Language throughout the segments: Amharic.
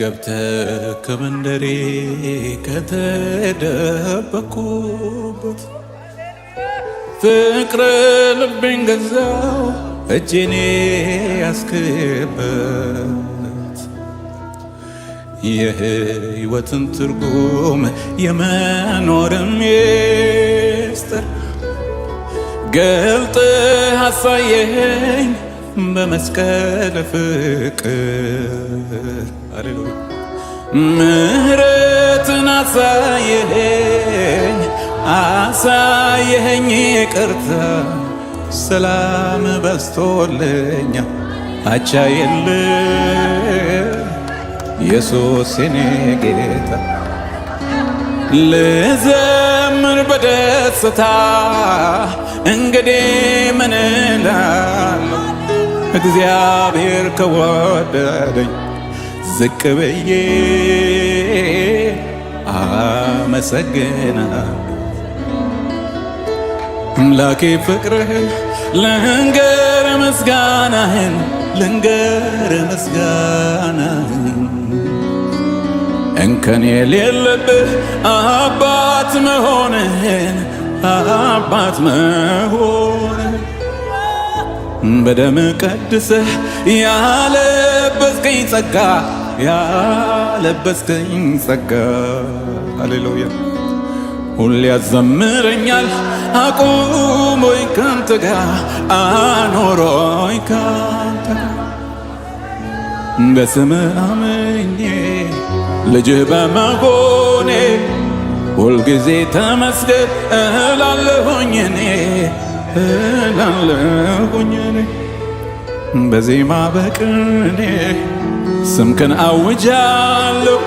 ገብተ ከመንደሬ ከተደበኩበት ፍቅር ልቤን ገዛው እጄኔ ያስክበት የህይወትን ትርጉም የመኖርም ሚስጥር ገልጥ አሳየኝ በመስቀል ፍቅር ምህረትን አሳየኸኝ አሳየኸኝ ይቅርታ ሰላም በስቶልኛ አቻ የለ ኢየሱስ ጌታ ልዘምር በደስታ እንግዲህ ምን እላለሁ እግዚአብሔር ከወደደኝ ዝቅ ብዬ አመሰግናለሁ። አምላኬ ፍቅርህን ልንገር ምስጋናህን ልንገር ምስጋናህን እንከን የሌለብህ አባት መሆንህን አባት መሆንህን በደም ቀድሰህ ያለበስከኝ ጸጋ ያለበስከኝ ጸጋ ሃሌሉያ ሁሌ ያዘምረኛል አቁሞኝ ካንተ ጋር አኖሮኝ ካንተ በስም በስምህ አምኜ ልጅህ በመሆኔ ሁልጊዜ ተመስገን እላለሁኝ እኔ እላለሁኝ በዜማ በቅኔ ስምክን አውጃለሁ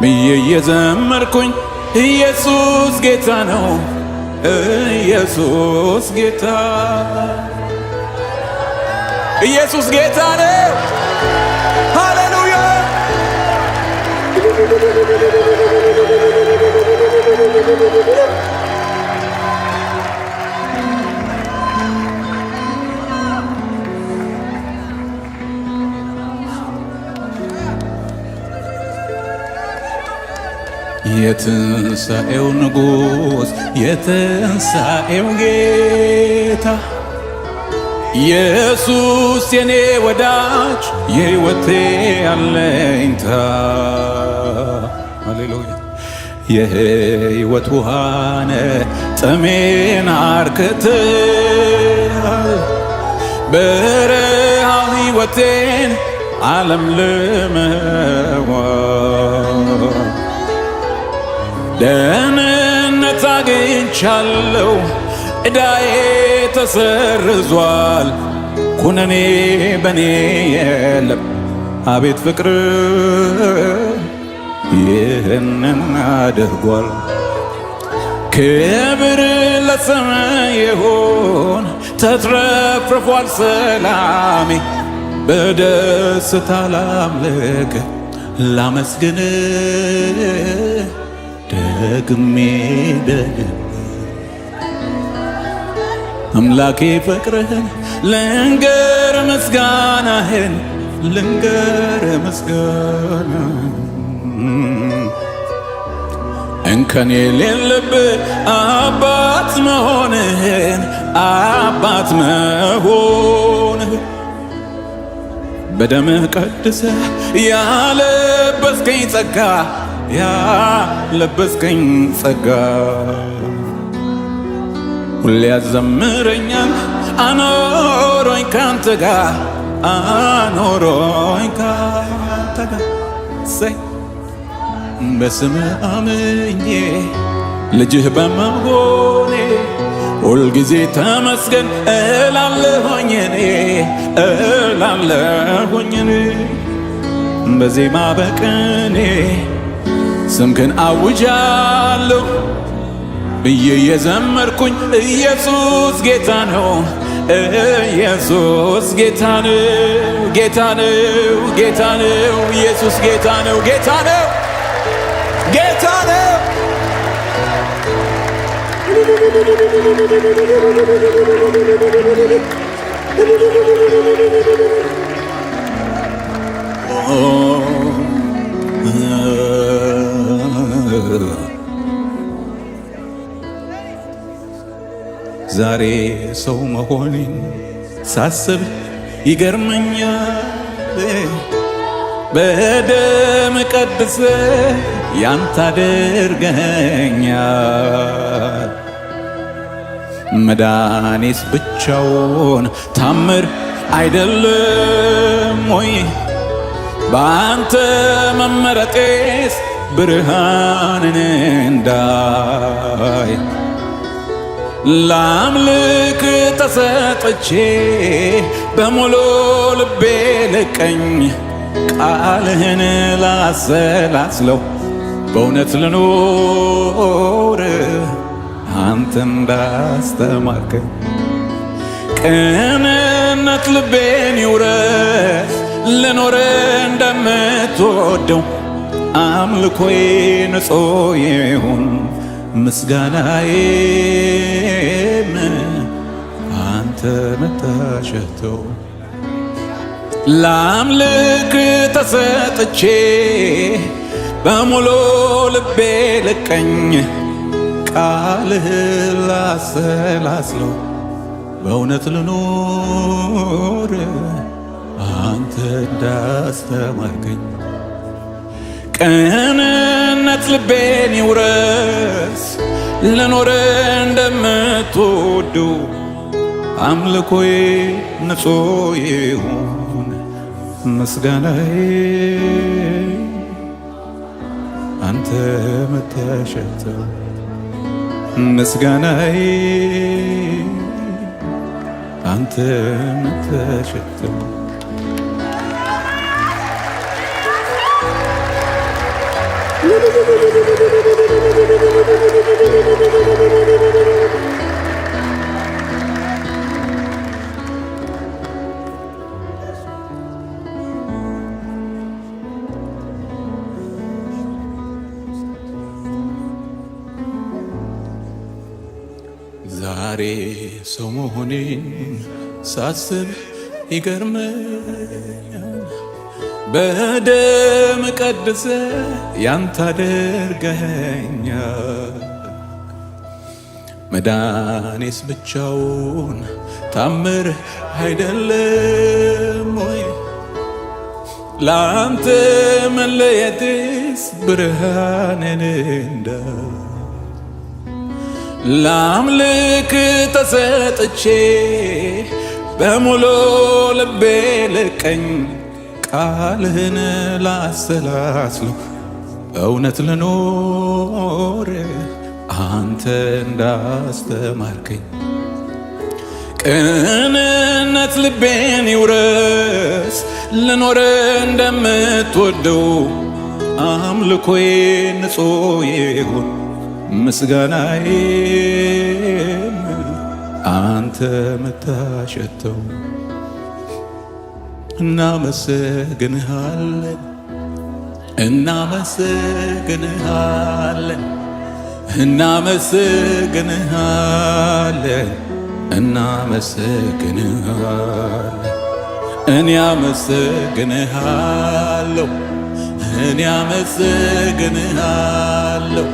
ብዬ እየዘመርኩኝ ኢየሱስ ጌታ ነው ኢየሱስ ጌታ ኢየሱስ ጌታ ነው። ሃሌሉያ የትንሣኤው ንጉሥ የትንሣኤው ጌታ ኢየሱስ የኔ ወዳጅ የሕይወቴ አለኝታ ሃሌሉያ የሕይወት ውሃነ ጥሜን አርክትል በረሃ ሕይወቴን ዓለም ደህንነት አግኝቻለሁ፣ እዳዬ ተሰርዟል፣ ኩነኔ በኔ የለም። አቤት ፍቅር ይህንን አድርጓል። ክብር ለስም ይሁን፣ ተትረፍርፏል ሰላሜ። በደስታ ላምልክ ላመስግን ደግሜ ደግሜ አምላኬ ፍቅርህን ልንገር ምስጋናህን ልንገር ምስጋና እንከን የሌለብህ አባት መሆንህን አባት መሆንህን በደምህ ቀድሰህ ያለበስከኝ ጸጋ ያለበስከኝ ጸጋ ሁሌ ያዘምረኛል አኖሮኝ ካንተ ጋር አኖሮኝ ካንተ ጋር ዘይ በስም አምኜ ልጅህ በመሆኔ ሁልጊዜ ተመስገን እላለሁኝ እኔ እላለሁኝ እኔ በዜማ በቅኔ ስምክን አውጃለሁ ብዬ የዘመርኩኝ ኢየሱስ ጌታ ነው፣ ኢየሱስ ጌታ ነው፣ ጌታ ነው፣ ጌታ ነው፣ ኢየሱስ ጌታ ነው፣ ጌታ ነው፣ ጌታ ነው። ዛሬ ሰው መሆኔን ሳስብ ይገርመኛል። በደም ቀድሰ ያንተ አድርገኛል። መዳኔስ ብቻውን ታምር አይደለም ወይ? በአንተ መመረጤስ ብርሃንን እንዳይ ላምልክ ተሰጥቼ በሙሉ ልቤ ልቀኝ ቃልህን ላሰላስለው በእውነት ልኖር አንተ እንዳስተማርከኝ ቅንነት ልቤን ይውረስ ልኖር እንደምትወደው አምልኮዬ ንጹሕ ይሁን ምስጋናዬ አንተ መታሸተው ላምልክ ተሰጥቼ በሙሉ ልቤ ልቀኝ ቃልህ ላሰላስለው በእውነት ልኖር አንተ እንዳስተማርከኝ ቅንነት ልቤን ይውረስ ልኖረ እንደምትወዱ አምልኮዬ ንጹሕ ይሁን ምስጋናዬ አንተ መታሸተው ምስጋናዬ አንተ መታሸተው ዛሬ ሰው መሆኔን ሳስብ ይገርመኛል። በደም ቀድሰ ያንተ መዳኔስ ብቻውን ታምር አይደለም ወይ? ለአንተ መለየትስ ብርሃንን እንደ ለአምልክ ተሰጥቼ በሙሉ ልቤ ልቀኝ ቃልህን ላሰላስሉ በእውነት ልኖር አንተ እንዳስተማርከኝ ቅንነት ልቤን ይውረስ ልኖር እንደምትወደው አምልኮዬ ንጹሕ ይሁን ምስጋናዬም አንተ ምታሸተው እናመሰግንሃለን እናመሰግንሃለን እናመሰግንሃለን እናመሰግንሃለን እኔ አመሰግንሃለሁ እኔ አመሰግንሃለሁ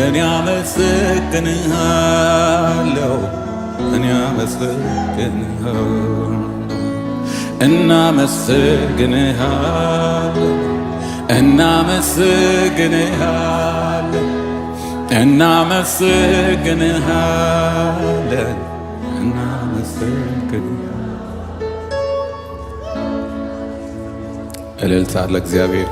እኔ አመሰግንሃለሁ እኔ አመሰግንሃለሁ እናመሰግንሃለን እናመሰግንሃለን እናመሰግንሃለን እናመሰግንሃለን። እልልታ ለእግዚአብሔር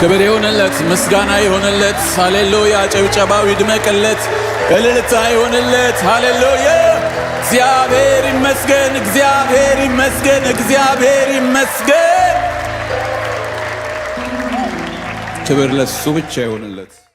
ክብር ይሁንለት፣ ምስጋና ይሁንለት። ሃሌሉያ! ጭብጨባው ይድመቅለት፣ እልልታ ይሁንለት። ሃሌሉያ! እግዚአብሔር ይመስገን፣ እግዚአብሔር ይመስገን፣ እግዚአብሔር ይመስገን። ክብር ለሱ ብቻ ይሆንለት።